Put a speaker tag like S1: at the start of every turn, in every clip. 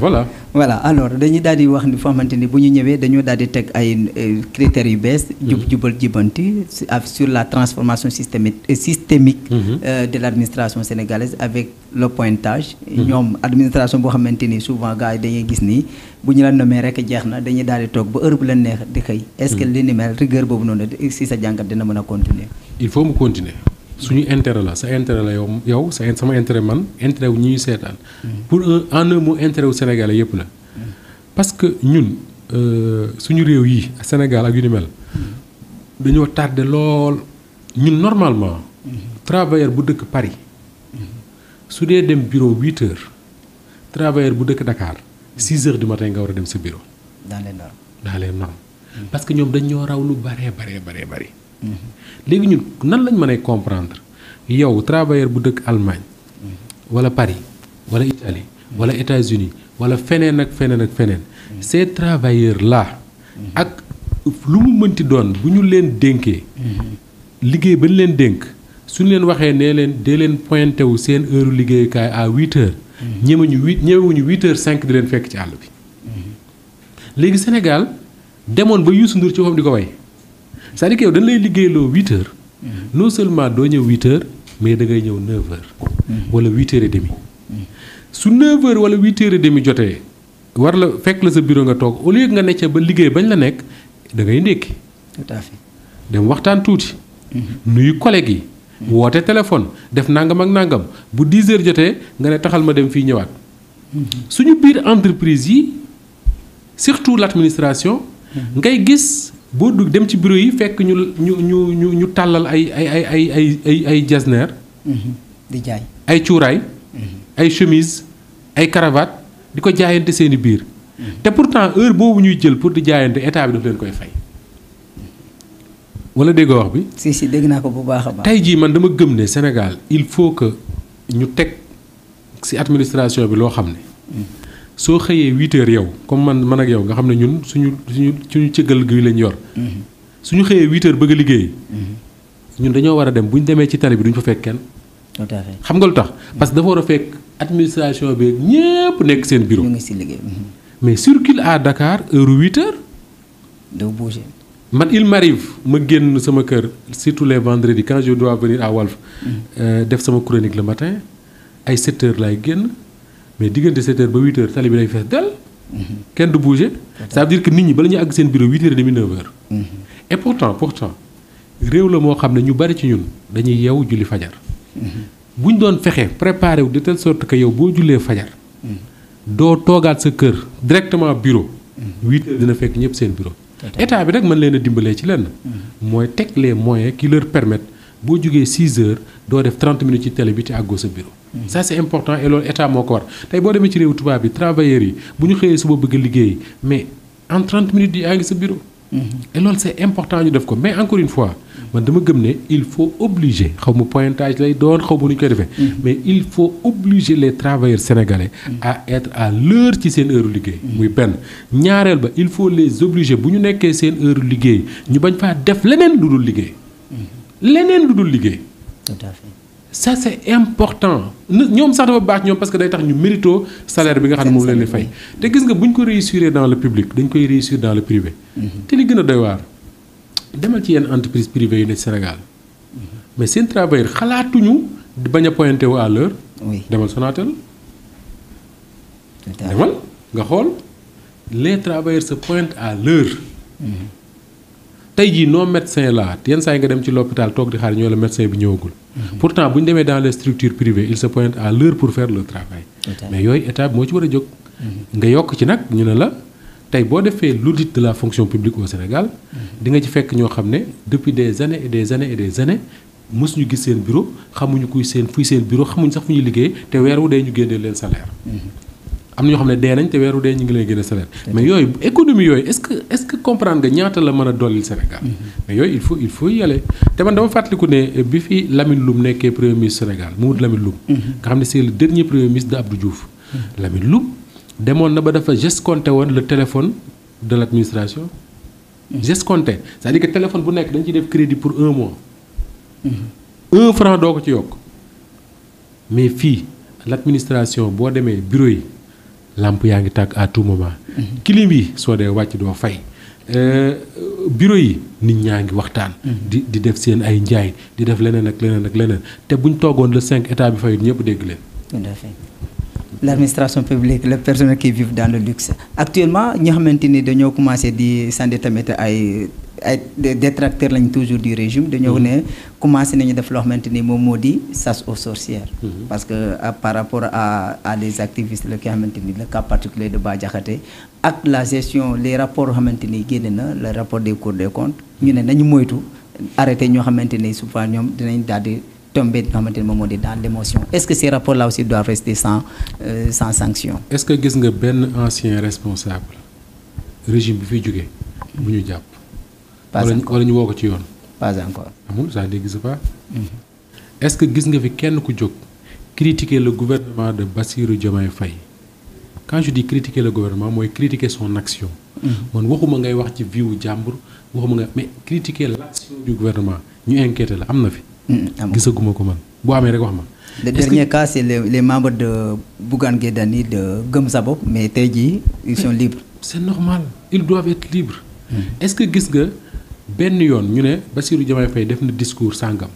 S1: voilà voilà alors dañuy daldi wax ni sur la transformation euh, systémique mhm. euh, de l'administration sénégalaise avec le pointage. Mhm. administration souvent gars dañuy gis ni la rek dañuy bu est ce que mhm. li
S2: mel rigueur continuer. il faut mu continuer suñu intérêt la sa intérêt la yow yow sa sama intérêt man intérêt wu ñuy seetaan. pour un en un mot intérêt wu Sénégalais yépp la. parce que ñun euh suñu réew yi Sénégal ak yu ni mel. dañoo tardé lool ñun normalement. travailleur bu dëkk Paris. su dee dem bureau 8 heures. travailleur bu dëkk Dakar. 6 heures du matin nga war a dem sa bureau. dans les normes dans les normes. parce que ñoom dañ ñoo raw lu bare bare bare bare léegi ñu nan lañ mën a comprendre yow travailleur bu dëkk Allemagne wala Paris wala Italie wala États-Unis wala feneen ak feneen ak feneen ces travailleurs la ak lu mu mënti doon bu ñu leen dénkee liggéey ba ñu leen dénk suñu leen waxee nee leen dee leen pointé wu seen heure liggéeyukaay à huit heures ñemewuñu huit ñemewuñu huit cinq di leen fekk ci àll bi léegi Sénégal demoon ba yuusu Ndour ci waxam di ko way c'est-à-dire que yow dañu lay liggéeyloo huit heures mm-hmm. seulement doo ñëw huit mais da ngay ñëw neuf heures mm-hmm. wala huit heures et demi mm-hmm. su neuf heures wala huit heures et demi jotee war la fekk la sa biiro nga toog au lieu nga ne necc ba liggéey bañ la nekk dangay ngay ndékki dem waxtaan tuuti nuyu collègue gi woote téléphone def nangam ak nàngam bu 10 heures jotee nga ne taxal ma dem fii ñëwaat suñu biir entreprise yi surtout l'administration ngay gis boo dugg dem ci bureau yi fekk ñu ñu ñu ñu ñu tàllal ay ay ay ay ay ay ay jasneer mhm. di jaay ay cuuraay mhm. ay chemise ay cravate di ko jaayante seen i biir mhm. te pourtant heure boobu ñuy jël pour di jaayante état bi daf leen koy fay wala dégg wax bi
S1: si si dégg naa ko bu baax tey
S2: jii man dama gëm ne senegal il faut que ñu teg ci administration bi loo xam ne soo xëyee huit heures yow comme man man ak yow nga xam ne ñun suñu suñu suñu cëggal gi lañ yor. Mm-hmm. suñu xëyee huit heures bëgg a liggéey. Mm-hmm. ñun dañoo war a dem bu ñu demee ci tali bi duñu fa fekk kenn. xam nga lu tax parce que dafa war a fekk administration bi ñëpp nekk seen bureau. ñu mm-hmm. mais circule à Dakar heure huit heures. doo bougé. man il m'arrive ma génn sama kër surtout les vendredis quand je dois venir à Walf. Euh, def sama chronique le matin ay sept heures laay génn. mais diggante 7 h ba 8 h tali lay day fees dell. kenn du bouger. ça veut dire que nit ñi ba ñuy ag seen bureau 8 h et demi 9 h et pourtant pourtant réew la moo xam ne ñu bari ci ñun dañuy yew julli fajar. buñ doon fexe préparé wu de telle sorte que yow boo jullee fajar. doo toogaat sa kër directement bureau. 8 h dina fekk ñëpp seen bureau. état bi nag mën leen a dimbalee ci lenn. Mm-hmm. mooy teg les moyens qui leur permettent bo jugee 6 heures do def 30 minutes ci télé bi ci àggoo sa bureau. Mm. ça c'est important et loolu état moko war tay bo demee ci réewu tubaab bi travailleur yi bu ñu xëyee suba bëgg liggéey mais en 30 minutes di yaa ngi sa bureau. Mm-hmm. et loolu c'est important ñu def ko mais encore une fois man dama gëm né il faut obliger xawmu pointage lay doon xawmu ñu koy défé mm-hmm. mais il faut obliger les travailleurs sénégalais. Mm-hmm. à être à l'heure ci seen heure liggéey. muy ben ñaareel ba il faut les obliger bu ñu nekkee seen heure liggéey ñu bañ fa def leneen lu dul liggéey leneen lu dul liggéey. ça c' est important ñoom sax dafa baax ñoom parce que day tax ñu mérito salaire bi nga xam ne moom leen di fay. te gis nga buñ ko réussir dans le public dañ koy réussir dans le privé. Mm-hmm. te li gën a doy waar demal ci yenn entreprise privé yu ne Sénégal mm-hmm. mais seen travailleur xalaatuñu bañ a pointé wu à l'heure demal Sonatel. demal nga xool les travailleurs se pointent à l'heure mm-hmm tay jii non médecin là, yenn saa nga dem ci l'hôpital toog di xaar ñoo la médecin bi ñëwagul. Mhm. pourtant buñ ñu demee dans les structures privées il se pointe à l'heure pour faire le travail. mais yooyu état moo ci war a jóg. Mhm. nga yokk ci nag ñu ne la tey boo defee l'audit de la fonction publique au Sénégal. Mhm. di nga ci fekk ñoo xam ne depuis des années et des années et des années mësuñu gis seen bureau xamuñu kuy seen fuy seen bureau xamuñu sax fu ñuy liggéey te weer wu dee ñu génnee leen salaire am na ñoo nañ té wéru dé ñu ngi lay gëna a mais yoy économie yoy est-ce que est-ce que comprendre nga ñaata la mëna dolil Sénégal mm-hmm. mais yooyu il faut il faut y aller té man dama fatlikou né eh, bi fi Lamine Loum nekkee premier ministre Sénégal Mamadou mm-hmm. Lamine Loum mm-hmm. nga xam c'est le dernier premier ministre d'abdou Abdou Diouf Lamine Loum démon na ba dafa gescompté woon le téléphone de l'administration gescompté c'est-à-dire que téléphone bu nekk dañ ci def crédit pour un mois un franc doo ko ci yok mais fi l'administration bo démé bureau yi làmp yaa ngi tàkk à tout moment. Mhm. clim yi soo dee wàcc doo fay. Euh, bureau yi nit ñaa ngi waxtaan. Mhm. di di def seen ay njaay di def leneen ak leneen ak leneen te buñ toogoon le cinq état bi fayut ñëpp dégg leen. tout à fait l' administration publique les personnes qui vivent
S1: dans le luxe actuellement ñi xamante ni dañoo commencé di sànni tamit ay. ay détracteurs toujours du régime de mm-hmm. ne commencé à def loo maintenir ni modi ça aux sorcières mm-hmm. parce que euh, par rapport à à des activistes qui ont maintenu le cas particulier de Badjakate, avec la gestion les rapports qui ont maintenu, le rapport des cours des comptes ñu nous nañu moytu arrêté de maintenir souvent ñoom dinañ tomber dans l'émotion est-ce que ces rapports là aussi doivent rester sans euh, sans sanction
S2: est-ce que vous nga un ancien responsable régime bi fi pas encore wala ñu woo ko ci pas encore amul ça n'existe pas. Mhm. est-ce que vous nga fi kenn ku critiquer le gouvernement de Bassirou Diomaye Faye quand je dis critiquer le gouvernement c'est critiquer son action. Mhm. man waxuma ngay wax ci viwu jàmbur waxuma ngay mais critiquer l'action du gouvernement ñu inquiété la avez vu? Je gisaguma ko man bu Je rek
S1: wax ma. le dernier cas c'est les les membres de Bougane Gueye de Gëm mais
S2: tey ils sont libres. c'est normal ils doivent être libres. Mhm. est-ce que gis nga benn yoon ñu ne Bassirou Diomaye Faye def na discours sàngam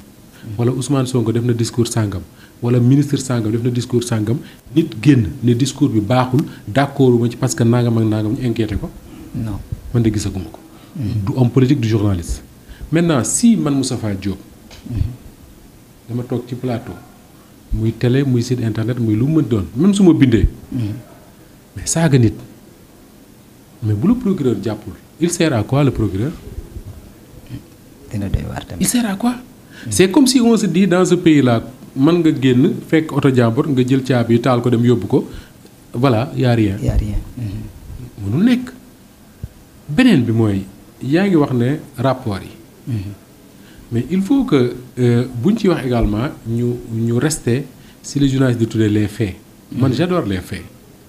S2: wala Ousmane Sonko def na discours sàngam wala ministre sàngam def na discours sàngam nit génn ne discours bi baaxul d'accord ma ci parce que nangam ak nangam ñu inquiété ko. non man de gisaguma ko. Mm. du homme politique du journaliste. maintenant si man Moustapha Diop. Mm. dama toog ci plateau. muy télé muy site internet muy lu mu doon même su ma bindee. Mm. mais saaga nit. mais bu la procureur jàppul il sert à quoi le procureur. dina doy waar tamit. il sert à quoi. comme si on se dit dans ce pays là mën nga génn fekk oto jàmbur nga jël caabi yi taal ko dem yóbbu ko voilà y' a rien. Mhm. nekk beneen bi mooy yaa ngi wax ne rapport yi. Mhm. mais il faut que euh, buñ ci wax également ñu ñu reste si les journalistes de tuddee les faits. man mhm. j'adore les faits.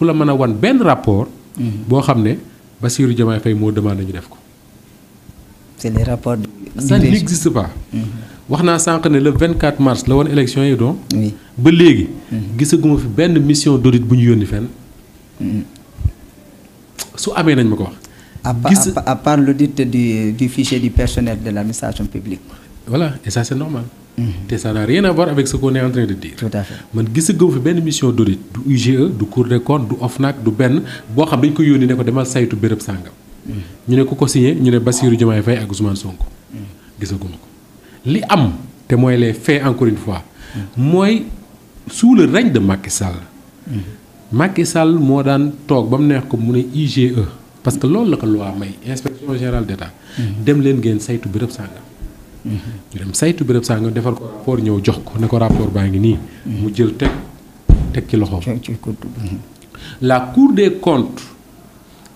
S2: ku la mën a rapport. boo xam ne Bassirou Diomaye moo ñu def ko. c'est ça n'existe pas. Mhm. le 24 mars la woon élection yi doon. ba léegi. Mhm. gisaguma fi mission d'audit bu ñu part l'audit du du fichier du personnel de l'administration publique. voilà et ça c'est normal. Mhm. te ça n'a rien à voir avec ce qu'on est en train de dire. tout à fait man gisagoo fi benn mission d'audit du IGE du Cour des comptes du OFNAC du BEN, boo xam dañ ko yónni ne ko demal saytu béréb sàngam. Mhm. ñu ne ku ko signé ñu ne Bassirou Diomaye Faye ak Ousmane Sonko. Mhm. gisaguma ko li am te mooy les faits encore une fois. mooy sous le règne de Macky Sall. Macky Sall moo daan toog ba mu neex ko mu ne IGE parce que loolu la ko loi may inspection générale d'État. dem leen ngeen saytu béréb Sangam. ñu dem saytu béréb saa nga defal ko rapport ñëw jox ko ne ko rapport baa ngi nii. mu jël teg teg ci loxo. Mhm. la cour des comptes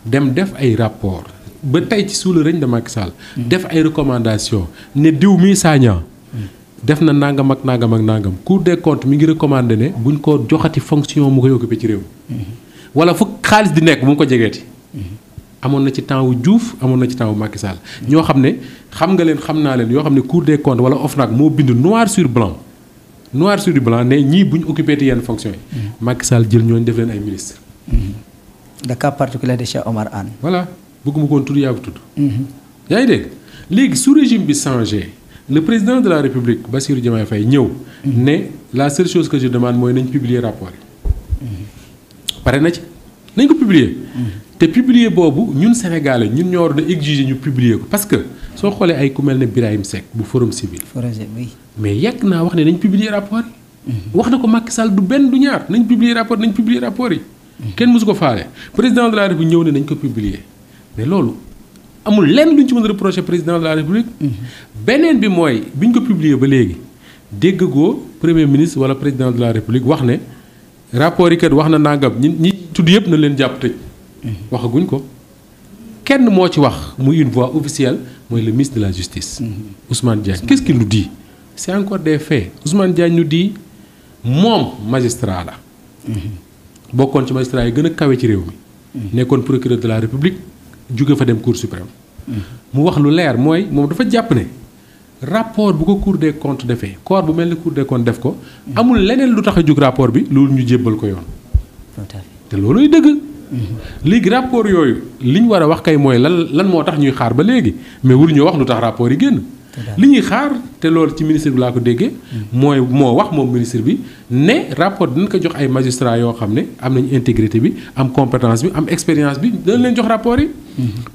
S2: dem def ay rapport ba tey ci sous le règne de mhm. def ay recommandations ne diw mii saañaa mhm. def na nangam ak nangam ak nangam cour des comptes mi ngi recommandé ne buñ ko joxati fonction mu koy occupé ci réew wala fu xaalis di nekk mu ko jegee jegeeti amoon na ci temps juuf amoon na ci temps wu ñoo xam ne xam nga leen xam naa leen yoo xam Cour des comptes wala OFNAC moo bind noir sur blanc noir sur blanc ne ñii bu occupé te yenn fonction yi. Mm-hmm. Macky Sall jël ñooñu def leen ay ministre
S1: mm-hmm. le cas particulier de Cheikh Omar Anne.
S2: voilà bëgguma koon tudd yaa ko tudd. Mm-hmm. yaa ngi dégg léegi sous régime bi changé le président de la république Bassirou Diomaye Faye ñëw. ne la seule chose que je demande mooy nañ publier rapport yi. pare na ci nañ ko publier. Et publier bobo, ñun sénégalais ñun ñoo doon exiger ñu publier ko parce que soo xoolee ay ku mel ne Birahim Seck bu forum civil. mais yàgg naa wax ne nañ publier rapport yi. Mhm. wax na ko du ben du ñaar nañ publier rapport nañ publier rapport yi. Mhm. ken mosu ko faale président de la république ñëw ne nañ ko publier mais lolu, amul lenn luñ ci mëna reprocher président de la république. Mhm. benen bi moy biñ ko publier ba légui dégg go premier ministre wala président de la république wax ne rapport yi kat wax na nangam ñi ñi tudd yëpp na leen japp tej Mm-hmm. waxaguñ ko kenn moo ci wax muy une voix officielle mooy le ministre de la justice. Mm-hmm. Ousmane Diagne qu'est-ce qu'il nous dit c'est encore des faits Ousmane Diagne nous dit moom magistrat la. Mm-hmm. bokkoon ci magistrat yi gën a kawe ci réew mi. nekkoon procureur de la république jóge fa dem cour suprême. mu wax lu leer mooy moom dafa jàpp ne rapport bu ko cour des comptes defee corps bu mel ni cour des comptes def ko. amul leneen lu tax a jóg rapport bi loolu ñu jébbal ko yoon. te looluy dëgg. léegi rapport yooyu li ñu war a wax kay mooy lan lan moo tax ñuy xaar ba léegi mais wul ñu wax lu tax rapport yi génn. li ñuy xaar te loolu ci ministre bi laa ko déggee. Mm. mooy moo wax moom ministre bi ne rapport dinañ ko jox ay magistrats yoo xam ne am nañu intégrité bi am compétence bi am expérience bi dinañ leen jox rapport yi.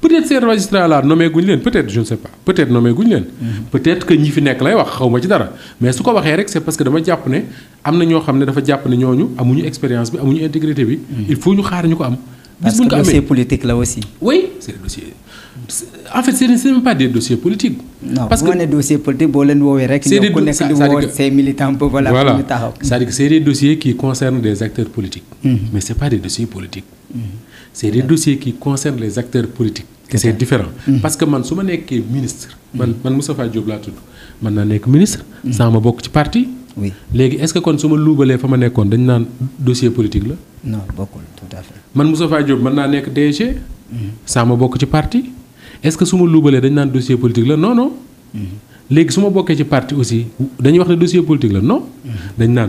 S2: peut-être ces magistrats là nommé guñ peut-être je ne sais pas peut-être nommé guñ peut-être que ñi fi nek lay wax xawma ci dara mais su ko va rek c'est parce que dama japp né amna ño xamné dafa japp né ñoñu amuñu expérience bi amuñu intégrité bi. il faut ñu xaar ñuko am.
S1: bis dossier
S2: politique là aussi. oui c'est le dossier. en fait ce n'est même pas des dossiers politiques.
S1: Non, parce que dossiers politiques, c'est militants voilà. voilà. C'est-à-dire
S2: que c'est des dossiers qui concernent des acteurs politiques, mm-hmm. mais ce pas des dossiers politiques. Mm-hmm c'est des dossiers qui concernent les acteurs politiques. c'est différent mhm. parce que man ministre. Mhm. man man ministre. Mhm. sans ma beaucoup de parti. oui est-ce que kon je suis dossier politique là non beaucoup tout à fait. man Diop DG. ça ma de parti. est-ce que je suis un dossier politique là non non. les je suis parti aussi je wax dossier politique non.